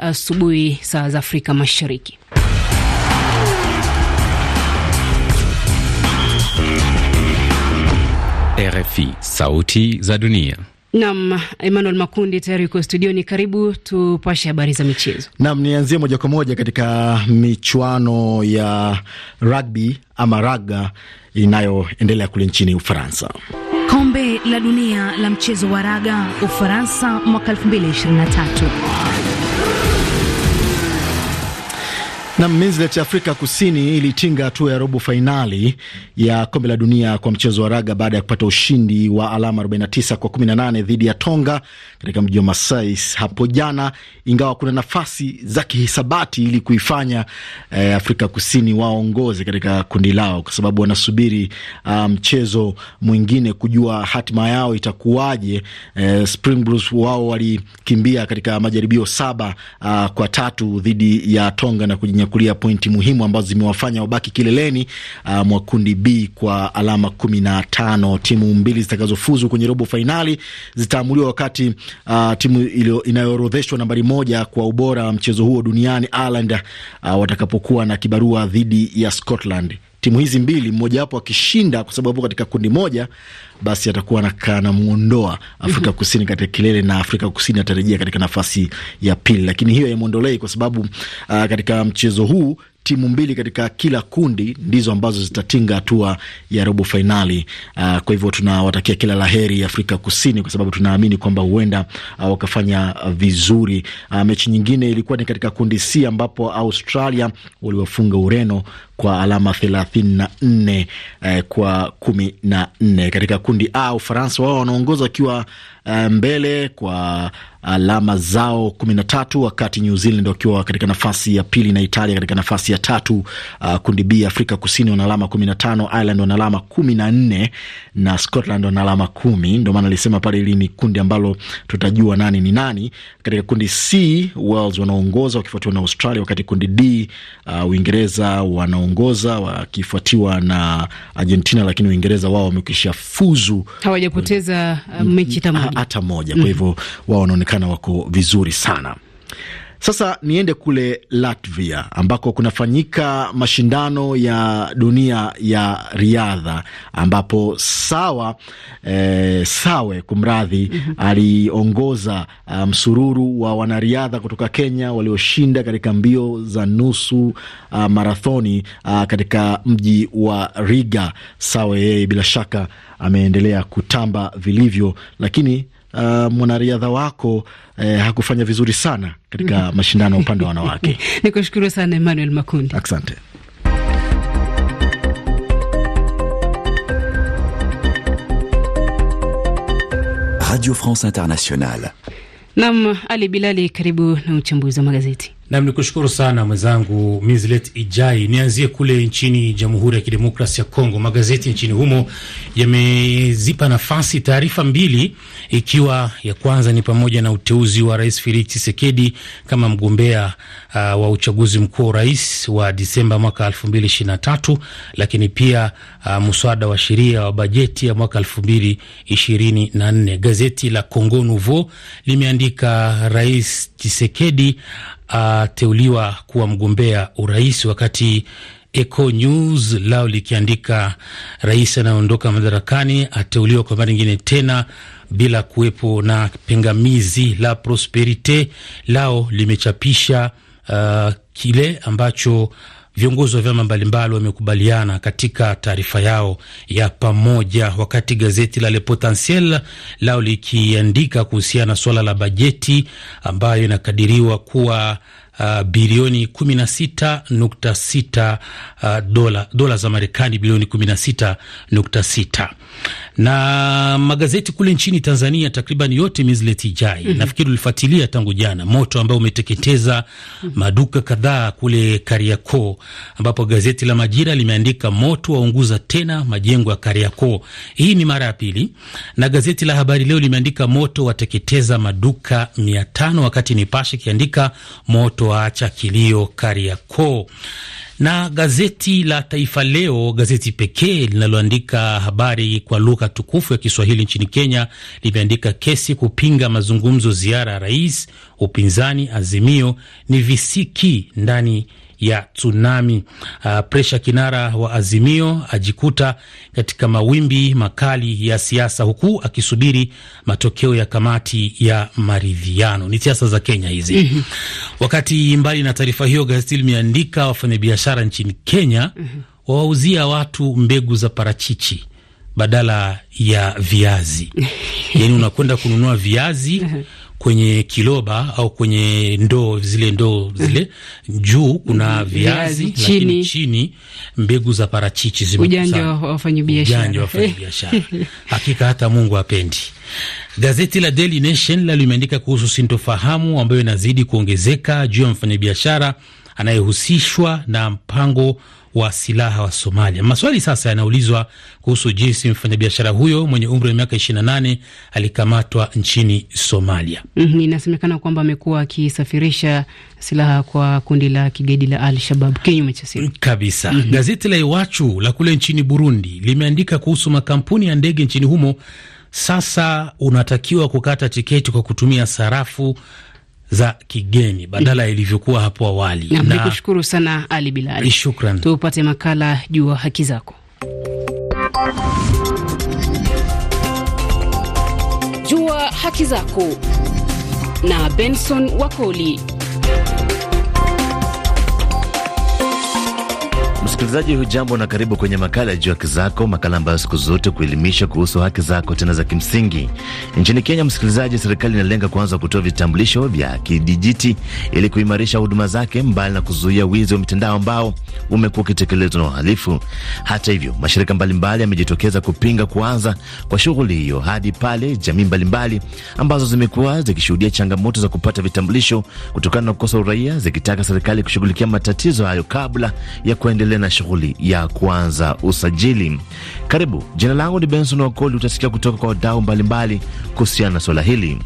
Asubuhi saa za Afrika Mashariki. RFI, sauti za dunia. Nam Emmanuel Makundi tayari uko studioni, karibu tupashe habari za michezo. Nam nianzie moja kwa moja katika michuano ya rugby ama raga inayoendelea kule nchini Ufaransa. Kombe la dunia la mchezo wa raga Ufaransa mwaka 2023 Na Mislet Afrika Kusini ilitinga hatua ya robo fainali ya kombe la dunia kwa mchezo wa raga baada ya kupata ushindi wa alama 49 kwa 18 dhidi ya Tonga katika mji wa Masai hapo jana, ingawa kuna nafasi za kihisabati ili kuifanya eh, Afrika Kusini waongoze katika kundi lao, kwa sababu wanasubiri ah, mchezo um, mwingine kujua hatima yao itakuwaje. Eh, Springboks wao walikimbia katika majaribio saba uh, kwa tatu dhidi ya Tonga na kujinya wamenyakulia pointi muhimu ambazo zimewafanya wabaki kileleni uh, mwa kundi B kwa alama kumi na tano. Timu mbili zitakazofuzu kwenye robo fainali zitaamuliwa wakati uh, timu inayoorodheshwa nambari moja kwa ubora mchezo huo duniani Ireland uh, watakapokuwa na kibarua dhidi ya Scotland timu hizi mbili mmojawapo akishinda, kwa sababu katika kundi moja, basi atakuwa anamuondoa Afrika mhm. Kusini katika kilele, na Afrika Kusini atarejea katika nafasi ya pili, lakini hiyo yamwondolei kwa sababu uh, katika mchezo huu timu mbili katika kila kundi ndizo ambazo zitatinga hatua ya robo fainali. Uh, ah, kwa hivyo tunawatakia kila laheri Afrika Kusini kwa sababu tunaamini kwamba huenda uh, wakafanya vizuri. Uh, mechi nyingine ilikuwa ni katika kundi C ambapo Australia waliwafunga Ureno kwa alama 34 eh, kwa 14. Katika kundi A Ufaransa wao wanaongoza wakiwa eh, mbele kwa alama zao 13, wakati New Zealand wakiwa katika nafasi ya pili na Italia katika nafasi ya tatu. Uh, kundi B Afrika Kusini wana alama 15, Ireland wana alama 14 na Scotland wana alama 10. Ndio maana alisema pale hili ni kundi ambalo tutajua nani ni nani. Katika kundi C Wales wanaongoza wakifuatiwa na Australia, wakati kundi D uh, Uingereza wana wanaongoza wakifuatiwa na Argentina, lakini Uingereza wao wamekwisha fuzu, hawajapoteza uh, mechi hata moja. Kwa hivyo wao wanaonekana wako vizuri sana. Sasa niende kule Latvia ambako kunafanyika mashindano ya dunia ya riadha ambapo sawa e, sawe kumradhi mm -hmm. aliongoza msururu um, wa wanariadha kutoka Kenya walioshinda katika mbio za nusu uh, marathoni uh, katika mji wa Riga. Sawe yeye bila shaka ameendelea kutamba vilivyo, lakini uh, mwanariadha wako eh, hakufanya vizuri sana katika mm-hmm. mashindano ya upande wa wanawake. ni kushukuru sana Emmanuel Makundi, asante. Radio France Internationale. Nam Ali Bilali, karibu na uchambuzi wa magazeti. Nam, ni kushukuru sana mwenzangu Mislet Ijai. Nianzie kule nchini Jamhuri ya Kidemokrasi ya Kongo. Magazeti nchini humo yamezipa nafasi taarifa mbili, ikiwa ya kwanza ni pamoja na uteuzi wa Rais Felix chisekedi kama mgombea uh, wa uchaguzi mkuu wa urais wa Disemba mwaka tatu, lakini pia uh, mswada wa sheria wa bajeti ya mwaka nne. Gazeti la Congo Nouveau limeandika Rais chisekedi uh, ateuliwa kuwa mgombea urais, wakati Eco News lao likiandika rais anayeondoka madarakani ateuliwa kwa mara nyingine tena bila kuwepo na pingamizi. La Prosperite lao limechapisha uh, kile ambacho viongozi wa vyama mbalimbali wamekubaliana katika taarifa yao ya pamoja, wakati gazeti la Le Potentiel lao likiandika kuhusiana na suala la bajeti ambayo inakadiriwa kuwa uh, bilioni 16.6 uh, dola dola za Marekani bilioni 16.6. Na magazeti kule nchini Tanzania takriban yote mizleti jai mm -hmm. Nafikiri ulifuatilia tangu jana moto ambao umeteketeza mm -hmm. maduka kadhaa kule Kariakoo, ambapo gazeti la Majira limeandika moto waunguza tena majengo ya Kariakoo. Hii ni mara ya pili, na gazeti la Habari Leo limeandika moto wateketeza maduka mia tano, wakati Nipashe ikiandika moto waacha kilio Kariakoo. Na gazeti la Taifa Leo, gazeti pekee linaloandika habari kwa lugha tukufu ya Kiswahili nchini Kenya, limeandika kesi kupinga mazungumzo, ziara ya rais, upinzani Azimio ni visiki ndani ya tsunami. Uh, ah, Presha Kinara wa Azimio ajikuta katika mawimbi makali ya siasa, huku akisubiri matokeo ya kamati ya maridhiano. Ni siasa za Kenya hizi. mm -hmm. Wakati mbali na taarifa hiyo, gazeti limeandika wafanyabiashara nchini Kenya mm -hmm. wawauzia watu mbegu za parachichi badala ya viazi, yaani unakwenda kununua viazi mhm kwenye kiloba au kwenye ndoo zile ndoo zile mhm. juu kuna viazi, viazi chini, lakini chini mbegu za parachichi zimekusanywa. wafanyabiashara hakika, hata Mungu apendi. Gazeti la Daily Nation la limeandika kuhusu sintofahamu ambayo inazidi kuongezeka juu ya mfanyabiashara anayehusishwa na mpango wa silaha wa Somalia. Maswali sasa yanaulizwa kuhusu jinsi mfanyabiashara huyo mwenye umri wa miaka 28 alikamatwa nchini Somalia. Mm -hmm, inasemekana kwamba amekuwa akisafirisha silaha kwa kundi la kigaidi la Al Shabab kinyume cha siri kabisa. mm -hmm. Gazeti la Iwachu la kule nchini Burundi limeandika kuhusu makampuni ya ndege nchini humo sasa unatakiwa kukata tiketi kwa kutumia sarafu za kigeni badala ilivyokuwa hapo awali. Na sana Ali Bilali. Shukran. Tupate makala juu haki zako. Jua haki zako na Benson Wakoli. Msikilizaji hujambo na karibu kwenye makala ya Juu Haki Zako, makala ambayo siku zote kuelimisha kuhusu haki zako tena za kimsingi. Nchini Kenya, msikilizaji, serikali inalenga kuanza kutoa vitambulisho vya kidijiti ili kuimarisha huduma zake, mbali na kuzuia wizi wa mitandao ambao umekuwa ukitekelezwa na wahalifu. Hata hivyo, mashirika mbalimbali yamejitokeza kupinga kuanza kwa shughuli hiyo hadi pale jamii mbalimbali ambazo zimekuwa zikishuhudia changamoto za kupata vitambulisho kutokana na kukosa uraia zikitaka serikali kushughulikia matatizo hayo kabla ya kuendelea kuendelea na shughuli ya kuanza usajili. Karibu, jina langu ni Benson Wakoli. Utasikia kutoka kwa wadau mbalimbali kuhusiana na suala hili.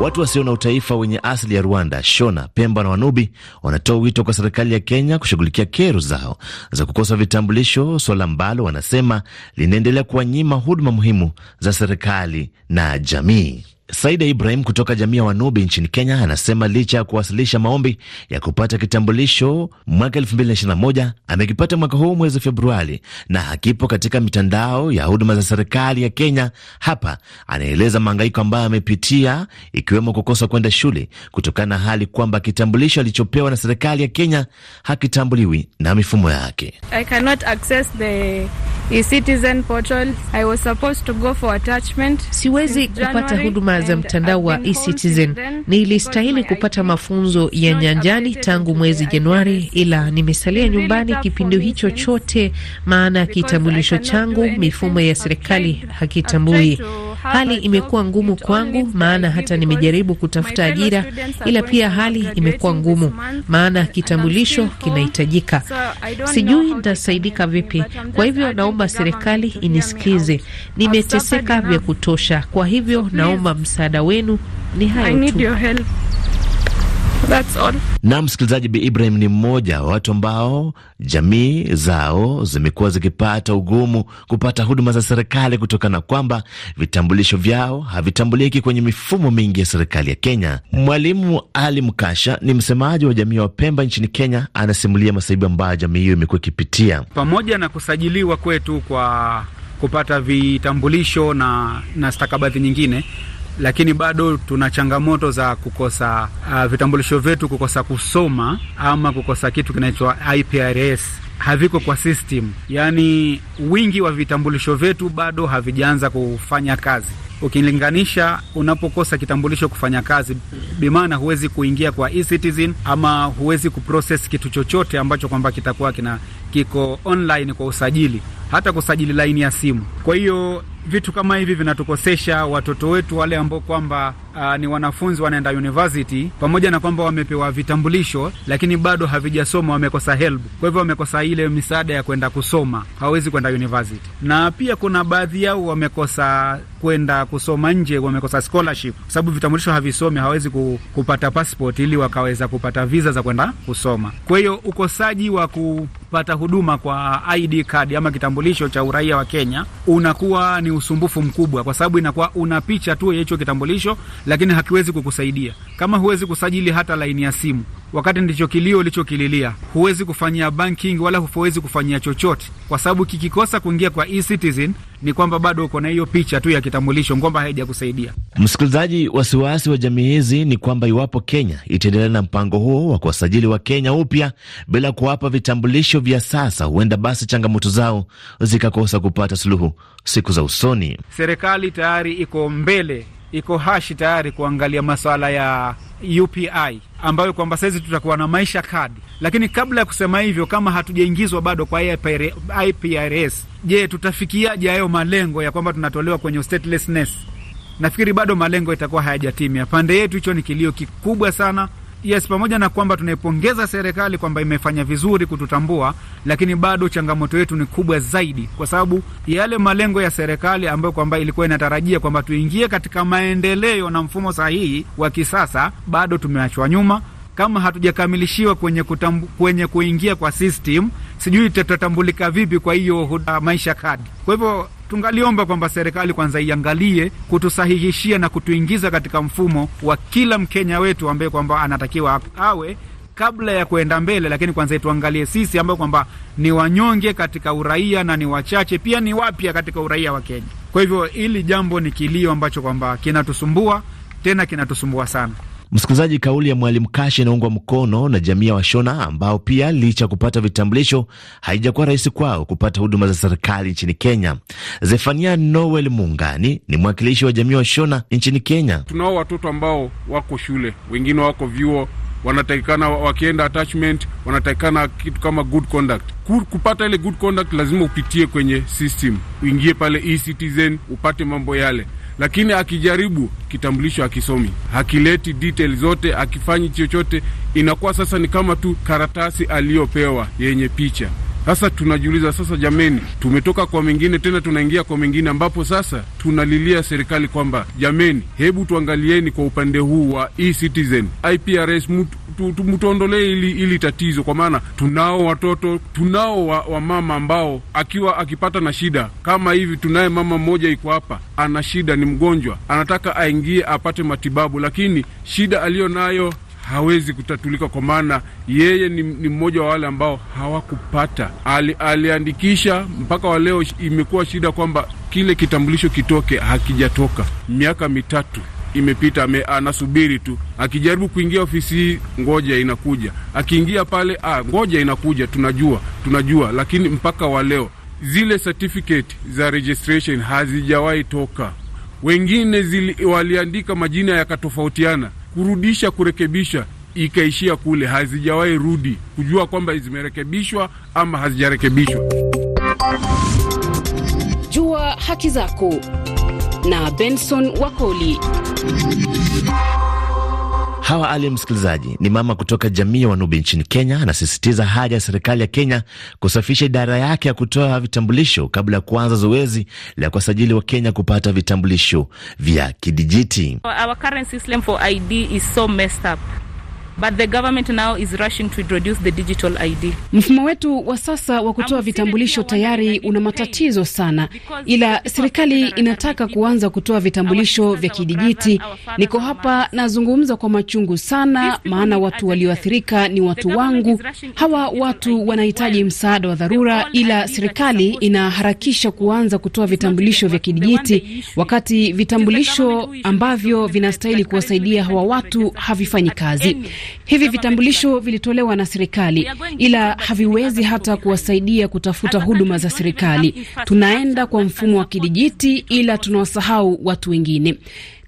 Watu wasio na utaifa wenye asili ya Rwanda, Shona, Pemba na Wanubi wanatoa wito kwa serikali ya Kenya kushughulikia kero zao za kukosa vitambulisho, suala ambalo wanasema linaendelea kuwanyima huduma muhimu za serikali na jamii. Saida Ibrahim kutoka jamii ya Wanubi nchini Kenya anasema licha ya kuwasilisha maombi ya kupata kitambulisho mwaka 2021 amekipata mwaka huu mwezi Februari na hakipo katika mitandao ya huduma za serikali ya Kenya. Hapa anaeleza mahangaiko ambayo amepitia ikiwemo kukosa kwenda shule kutokana na hali kwamba kitambulisho alichopewa na serikali ya Kenya hakitambuliwi na mifumo yake. I cannot access the e-citizen portal. I was supposed to go for attachment. Siwezi kupata huduma za mtandao wa eCitizen. Nilistahili kupata mafunzo ya nyanjani tangu mwezi Januari, ila nimesalia nyumbani kipindi hicho chote, maana kitambulisho changu mifumo ya serikali hakitambui. Hali imekuwa ngumu kwangu, maana hata nimejaribu kutafuta ajira, ila pia hali imekuwa ngumu, maana kitambulisho kinahitajika. Sijui nitasaidika vipi. Kwa hivyo naomba serikali inisikize, nimeteseka vya kutosha. Kwa hivyo naomba msaada wenu. Ni hayo tu. Na msikilizaji, Bi Ibrahim ni mmoja wa watu ambao jamii zao zimekuwa zikipata ugumu kupata huduma za serikali kutokana kwamba vitambulisho vyao havitambuliki kwenye mifumo mingi ya serikali ya Kenya. Mwalimu Ali Mkasha ni msemaji wa jamii wa Pemba nchini Kenya, anasimulia masaibu ambayo jamii hiyo imekuwa ikipitia pamoja na kusajiliwa kwetu kwa kupata vitambulisho na, na stakabadhi nyingine lakini bado tuna changamoto za kukosa uh, vitambulisho vyetu kukosa kusoma ama kukosa kitu kinaitwa IPRS haviko kwa system, yaani wingi wa vitambulisho vyetu bado havijaanza kufanya kazi ukilinganisha unapokosa kitambulisho kufanya kazi, bimaana huwezi kuingia kwa eCitizen ama huwezi kuprocess kitu chochote ambacho kwamba kitakuwa kina kiko online kwa usajili, hata kusajili laini ya simu. Kwa hiyo vitu kama hivi vinatukosesha watoto wetu wale ambao kwamba uh, ni wanafunzi wanaenda university, pamoja na kwamba wamepewa vitambulisho, lakini bado havijasoma, wamekosa help. Kwa hivyo wamekosa ile misaada ya kwenda kusoma, hawawezi kwenda university, na pia kuna baadhi yao wamekosa kwenda kusoma nje wamekosa scholarship, kwa sababu vitambulisho havisomi, hawezi kupata passport ili wakaweza kupata visa za kwenda kusoma. Kwa hiyo ukosaji wa kupata huduma kwa ID card ama kitambulisho cha uraia wa Kenya unakuwa ni usumbufu mkubwa, kwa sababu inakuwa una picha tu ya hicho kitambulisho, lakini hakiwezi kukusaidia kama huwezi kusajili hata laini ya simu, wakati ndicho kilio ulichokililia. Huwezi kufanyia banking wala huwezi kufanyia chochote, kwa sababu kikikosa kuingia kwa eCitizen ni kwamba bado uko na hiyo picha tu ya kitambulisho, kwamba haijakusaidia. Msikilizaji, wasiwasi wa jamii hizi ni kwamba iwapo Kenya itaendelea na mpango huo wa kuwasajili wa Kenya upya bila kuwapa vitambulisho vya sasa, huenda basi changamoto zao zikakosa kupata suluhu siku za usoni. Serikali tayari iko mbele, iko hashi tayari kuangalia masuala ya UPI ambayo kwamba saizi tutakuwa na maisha kadi, lakini kabla ya kusema hivyo, kama hatujaingizwa bado kwa IPRS, je, tutafikiaje hayo malengo ya kwamba tunatolewa kwenye statelessness? Nafikiri bado malengo itakuwa hayajatimia pande yetu. Hicho ni kilio kikubwa sana yes, pamoja na kwamba tunaipongeza serikali kwamba imefanya vizuri kututambua, lakini bado changamoto yetu ni kubwa zaidi, kwa sababu yale malengo ya serikali ambayo kwamba ilikuwa inatarajia kwamba tuingie katika maendeleo na mfumo sahihi wa kisasa, bado tumeachwa nyuma kama hatujakamilishiwa kwenye, kwenye kuingia kwa system, sijui tutatambulika vipi kwa hiyo uh, maisha kadi. Kwa hivyo Tungaliomba kwamba serikali kwanza iangalie kutusahihishia na kutuingiza katika mfumo wa kila Mkenya wetu ambaye kwamba anatakiwa awe kabla ya kuenda mbele, lakini kwanza ituangalie sisi ambayo kwamba ni wanyonge katika uraia na ni wachache pia ni wapya katika uraia wa Kenya. Kwa hivyo hili jambo ni kilio ambacho kwamba kinatusumbua tena kinatusumbua sana. Msikilizaji, kauli ya Mwalimu Kashi inaungwa mkono na jamii ya Washona ambao pia licha ya kupata vitambulisho haijakuwa rahisi kwao kupata huduma za serikali nchini Kenya. Zefania Noel muungani ni mwakilishi wa jamii ya Washona nchini Kenya. Tunao watoto ambao wako shule, wengine wako vyuo, wanatakikana wakienda attachment, wanatakikana kitu kama good conduct kupata ile good conduct lazima upitie kwenye system, uingie pale eCitizen upate mambo yale lakini akijaribu kitambulisho akisomi, hakileti detail zote, akifanyi chochote, inakuwa sasa ni kama tu karatasi aliyopewa yenye picha. Sasa tunajiuliza sasa, jameni, tumetoka kwa mengine tena tunaingia kwa mengine, ambapo sasa tunalilia serikali kwamba jameni, hebu tuangalieni kwa upande huu wa e-citizen IPRS mtu mtuondolee tu, tu, ili, ili tatizo, kwa maana tunao watoto tunao wa, wa mama ambao akiwa akipata na shida kama hivi. Tunaye mama mmoja iko hapa, ana shida, ni mgonjwa, anataka aingie apate matibabu, lakini shida aliyo nayo hawezi kutatulika kwa maana yeye ni, ni mmoja wa wale ambao hawakupata ali, aliandikisha mpaka wa leo. Imekuwa shida kwamba kile kitambulisho kitoke, hakijatoka miaka mitatu imepita, ame, anasubiri tu, akijaribu kuingia ofisi hii ngoja inakuja, akiingia pale ah, ngoja inakuja, tunajua tunajua, lakini mpaka wa leo zile certificate za registration hazijawahi toka. Wengine zili, waliandika majina yakatofautiana, kurudisha kurekebisha ikaishia kule, hazijawahi rudi kujua kwamba zimerekebishwa ama hazijarekebishwa. Jua haki zako na Benson Wakoli. Hawa Ali msikilizaji ni mama kutoka jamii ya Wanubi nchini Kenya. Anasisitiza haja ya serikali ya Kenya kusafisha idara yake ya kutoa vitambulisho kabla ya kuanza zoezi la kuwasajili wa Kenya kupata vitambulisho vya kidijiti. Our current system for ID is so messed up. But the government now is rushing to introduce the digital ID. Mfumo wetu wa sasa wa kutoa vitambulisho tayari una matatizo sana, ila serikali inataka kuanza kutoa vitambulisho vya kidijiti. Niko hapa nazungumza kwa machungu sana, maana watu walioathirika ni watu wangu. Hawa watu wanahitaji msaada wa dharura, ila serikali inaharakisha kuanza kutoa vitambulisho vya kidijiti, wakati vitambulisho ambavyo vinastahili kuwasaidia hawa watu havifanyi kazi. Hivi vitambulisho vilitolewa na serikali, ila haviwezi hata kuwasaidia kutafuta huduma za serikali. Tunaenda kwa mfumo wa kidijiti, ila tunawasahau watu wengine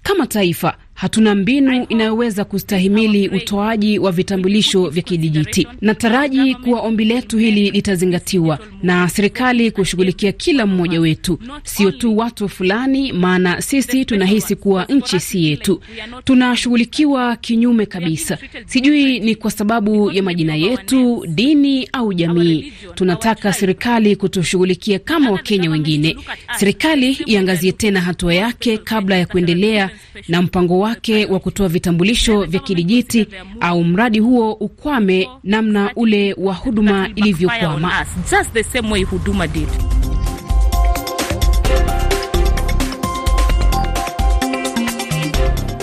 kama taifa hatuna mbinu inayoweza kustahimili utoaji wa vitambulisho vya kidijiti. Nataraji kuwa ombi letu hili litazingatiwa na serikali kushughulikia kila mmoja wetu, sio tu watu fulani, maana sisi tunahisi kuwa nchi si yetu. Tunashughulikiwa kinyume kabisa, sijui ni kwa sababu ya majina yetu, dini au jamii. Tunataka serikali kutushughulikia kama Wakenya wengine. Serikali iangazie tena hatua yake kabla ya kuendelea na mpango wa wake wa kutoa vitambulisho vya kidijiti au mradi huo ukwame namna ule wa huduma ilivyokwama.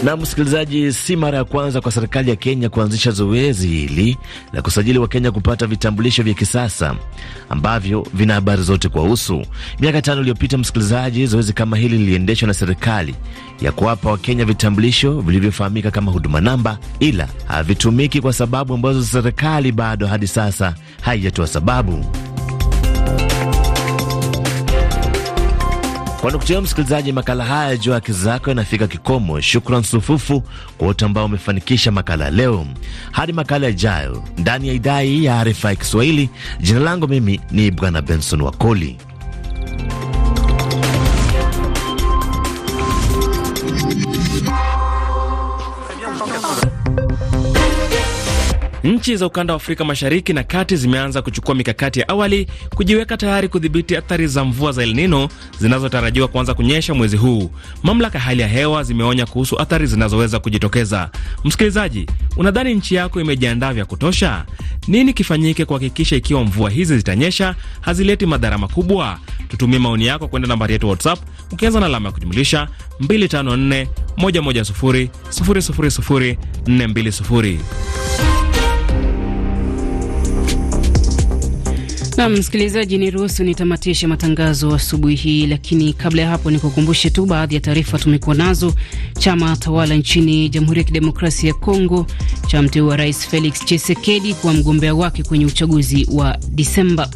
Na msikilizaji, si mara ya kwanza kwa serikali ya Kenya kuanzisha zoezi hili la kusajili Wakenya kupata vitambulisho vya kisasa ambavyo vina habari zote kuwahusu. Miaka tano iliyopita, msikilizaji, zoezi kama hili liliendeshwa na serikali ya kuwapa Wakenya vitambulisho vilivyofahamika kama huduma namba, ila havitumiki kwa sababu ambazo serikali bado hadi sasa haijatoa sababu. Kwa nukutia msikilizaji, makala haya juu ya haki zako yanafika kikomo. Shukran sufufu kwa wote ambao wamefanikisha makala leo. Hadi makala yajayo ndani ya idhaa hii ya RFI Kiswahili, jina langu mimi ni Bwana Benson Wakoli. Nchi za ukanda wa Afrika Mashariki na kati zimeanza kuchukua mikakati ya awali kujiweka tayari kudhibiti athari za mvua za El Nino zinazotarajiwa kuanza kunyesha mwezi huu. Mamlaka hali ya hewa zimeonya kuhusu athari zinazoweza kujitokeza. Msikilizaji, unadhani nchi yako imejiandaa vya kutosha? Nini kifanyike kuhakikisha ikiwa mvua hizi zitanyesha hazileti madhara makubwa? Tutumie maoni yako kwenda nambari yetu WhatsApp ukianza na alama ya kujumlisha 254 110 000 420. Nam msikilizaji, ni ruhusu nitamatishe matangazo asubuhi hii, lakini kabla ya hapo nikukumbushe tu baadhi ya taarifa tumekuwa nazo. Chama tawala nchini Jamhuri ya Kidemokrasia ya Kongo cha mteua Rais Felix chisekedi kuwa mgombea wake kwenye uchaguzi wa Disemba.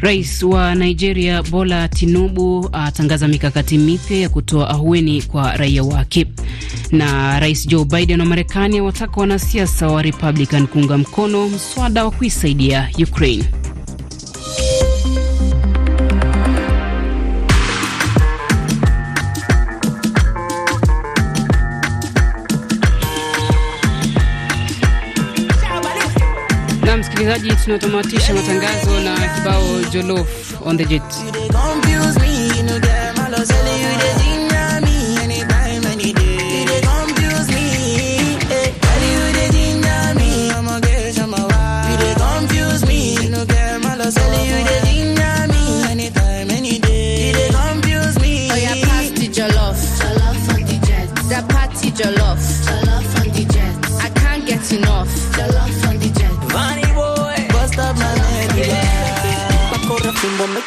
Rais wa Nigeria Bola Tinubu atangaza mikakati mipya ya kutoa ahueni kwa raia wake, na Rais Joe Biden wa Marekani awataka wanasiasa wa Republican kuunga mkono mswada wa kuisaidia Ukraine. Msikilizaji, tunatamatisha matangazo na kibao Jolof on the Jet.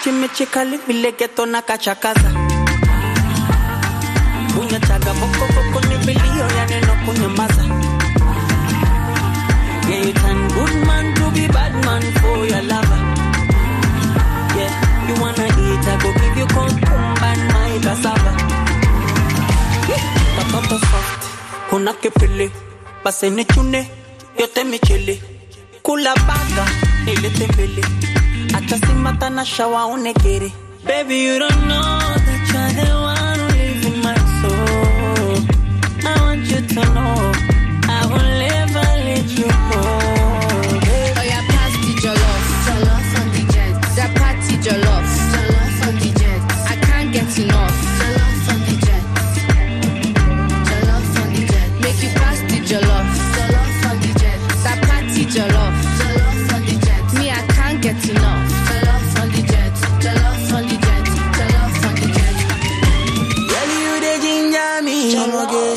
Chimichi kali vile geto na kachakaza bunya chaga boko boko ni vilio ya neno kunyamaza. Yeah, you turn good man to be bad man for your lover. Yeah, you wanna eat, I go give you concumba and my cassava. Yeah, papa soft, kuna kipili, basi nichune, yote michili, kula baga, nilete mbili. Hata si mata na shawa unekere Baby you don't know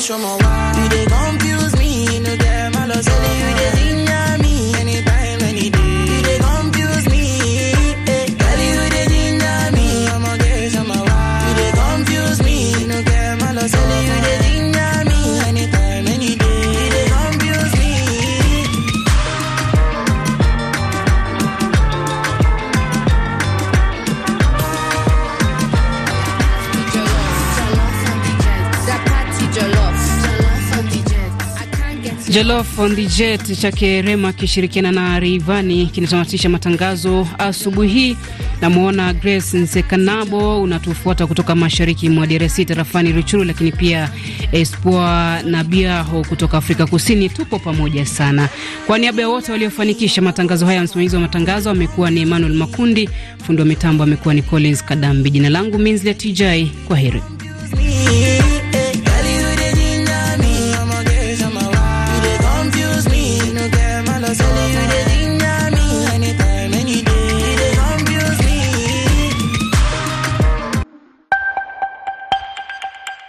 show my wife. Jolof on the Jet chake Rema akishirikiana na rivani kinatamatisha matangazo asubuhi hii. Namwona Grace Nsekanabo, unatufuata kutoka mashariki mwa DRC tarafani Ruchuru, lakini pia Espoa na Biaho kutoka Afrika Kusini. Tupo pamoja sana. Kwa niaba ya wote waliofanikisha matangazo haya, msimamizi wa matangazo amekuwa ni Emmanuel Makundi, fundi wa mitambo amekuwa ni Collins Kadambi. Jina langu Minzle Tijai, kwa heri.